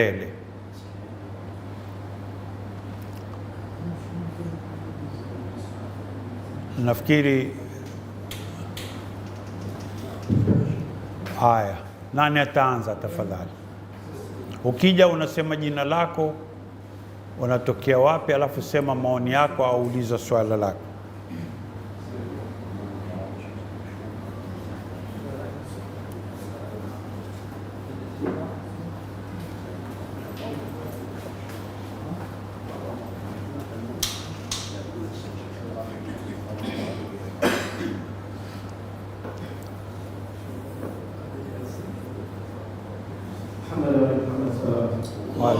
Mbele. Nafikiri haya, nani ataanza tafadhali? Ukija unasema jina lako, unatokea wapi, alafu sema maoni yako au uliza swala lako. محمد محمد صلى الله عليه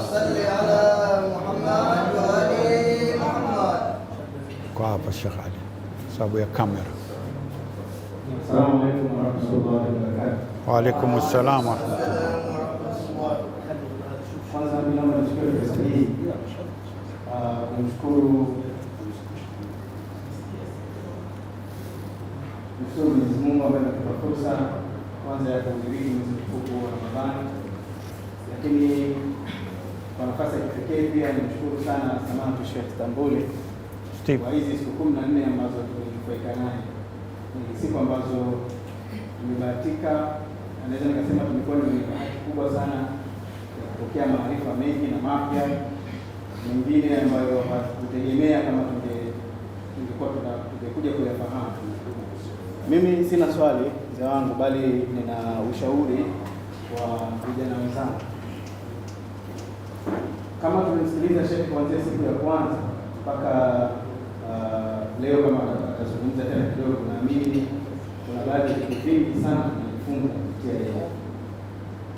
صل على محمد وآل محمد الشيخ علي كاميرا السلام عليكم ورحمة الله وبركاته وعليكم السلام ورحمة الله وبركاته هذا naomba nishukuru pesa hii kumshukuru kwanza ya kuhudhuria mwezi mtukufu wa Ramadhani, lakini kwa nafasi ya kipekee pia nimshukuru sana Samatu Sheikh Tambuli kwa hizi siku kumi na nne ambazo tumejifaika naye. Ni siku ambazo tumebahatika, naweza nikasema tumekuwa ni bahati kubwa sana ya kupokea maarifa mengi na mapya mengine ambayo hatukutegemea kama tungekuwa tungekuja kuyafahamu. Mimi sina swali mzee wangu, bali nina ushauri wa vijana wenzangu. Kama tumemsikiliza shehe kuanzia siku ya kwanza mpaka uh, leo, kama atazungumza tena kidogo, naamini kuna baadhi ya vitu vingi sana tunajifunza kupitia leo.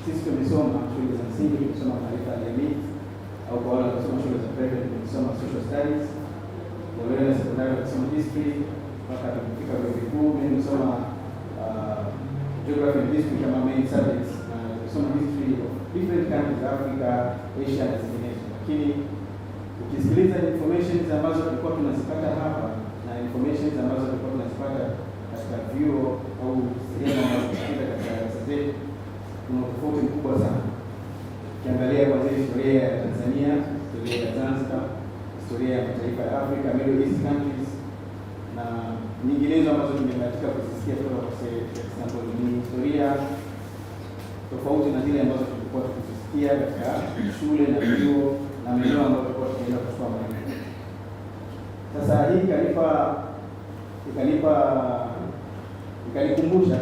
Sisi tumesoma shule za msingi, tumesoma maarifa ya jamii, au kwa wale wanaosoma shule za private tumesoma social studies, kwa wale wa sekondari wakisoma history, mpaka tumefika vyuo vikuu mimi nimesoma uh, geography and history kama main subjects Uh, some history of different countries Africa, Asia na zinginezo, lakini ukisikiliza information ambazo tulikuwa tunazipata hapa na information ambazo tulikuwa tunazipata katika vyuo au sehemu ambazo katika darasa zetu kuna tofauti mkubwa sana. Ukiangalia kwanzia historia ya Tanzania, historia ya Zanzibar, historia ya mataifa ya Africa, Middle East countries na nyinginezo ambazo tumebahatika kuzisikia kutoka kwa Sheikh Sambwe. Ni historia tofauti na zile ambazo tulikuwa tukizisikia katika shule na vyuo na maeneo ambayo tulikuwa tukienda kusoma. Sasa hii ikanipa ikanipa ikanikumbusha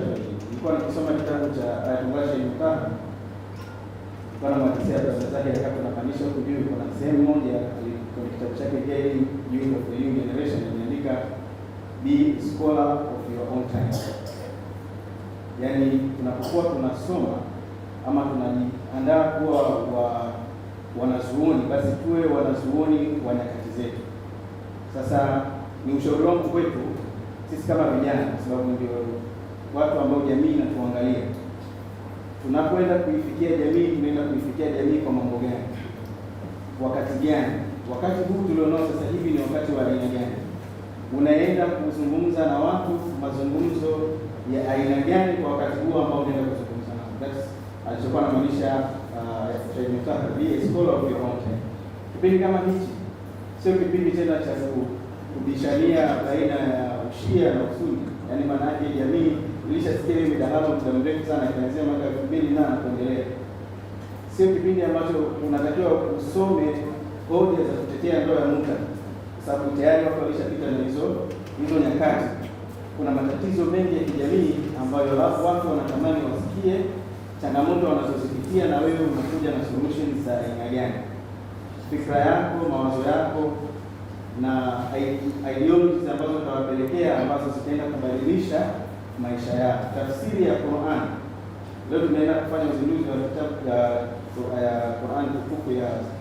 nilikuwa nikisoma kitabu cha Ayatullah Sheikh Muktar kana mwadisia darasa zake akawa anafanyisha huko juu, kuna sehemu moja kwenye kitabu chake Youth of the New Generation ameandika be scholar of your own time. Yaani, tunapokuwa tunasoma ama tunajiandaa kuwa wa wanazuoni, basi tuwe wanazuoni wa nyakati zetu. Sasa ni ushauri wangu kwetu sisi kama vijana, kwa sababu ndio watu ambao jamii inatuangalia. Tunapoenda kuifikia jamii, tunaenda kuifikia jamii kwa mambo gani? Wakati gani? Wakati huu tulionao sasa hivi ni wakati wa aina gani? unaenda kuzungumza na watu mazungumzo ya aina gani kwa wakati huo ambao unaenda kuzungumza nao. That's alichokuwa anamaanisha uh, kipindi kama hichi, sio kipindi tena cha kubishania baina ya ushia na usuni. Yaani maana yake jamii ilishasikia hiyo midahalo muda mrefu sana, kuanzia mwaka elfu mbili na kuendelea. Sio kipindi ambacho unatakiwa usome hoja za kutetea ndoa ya muda sababu tayari watu walishapita na hizo hizo nyakati. Kuna matatizo mengi ya kijamii ambayo watu wanatamani wasikie changamoto wanazozipitia, na wewe unakuja na solution za aina gani? Fikra yako, mawazo yako na ideologies ambazo utawapelekea ambazo zitaenda kubadilisha maisha yao. Tafsiri ya Qur'an, leo tunaenda kufanya uzinduzi wa kitabu cha Qur'an tukufu ya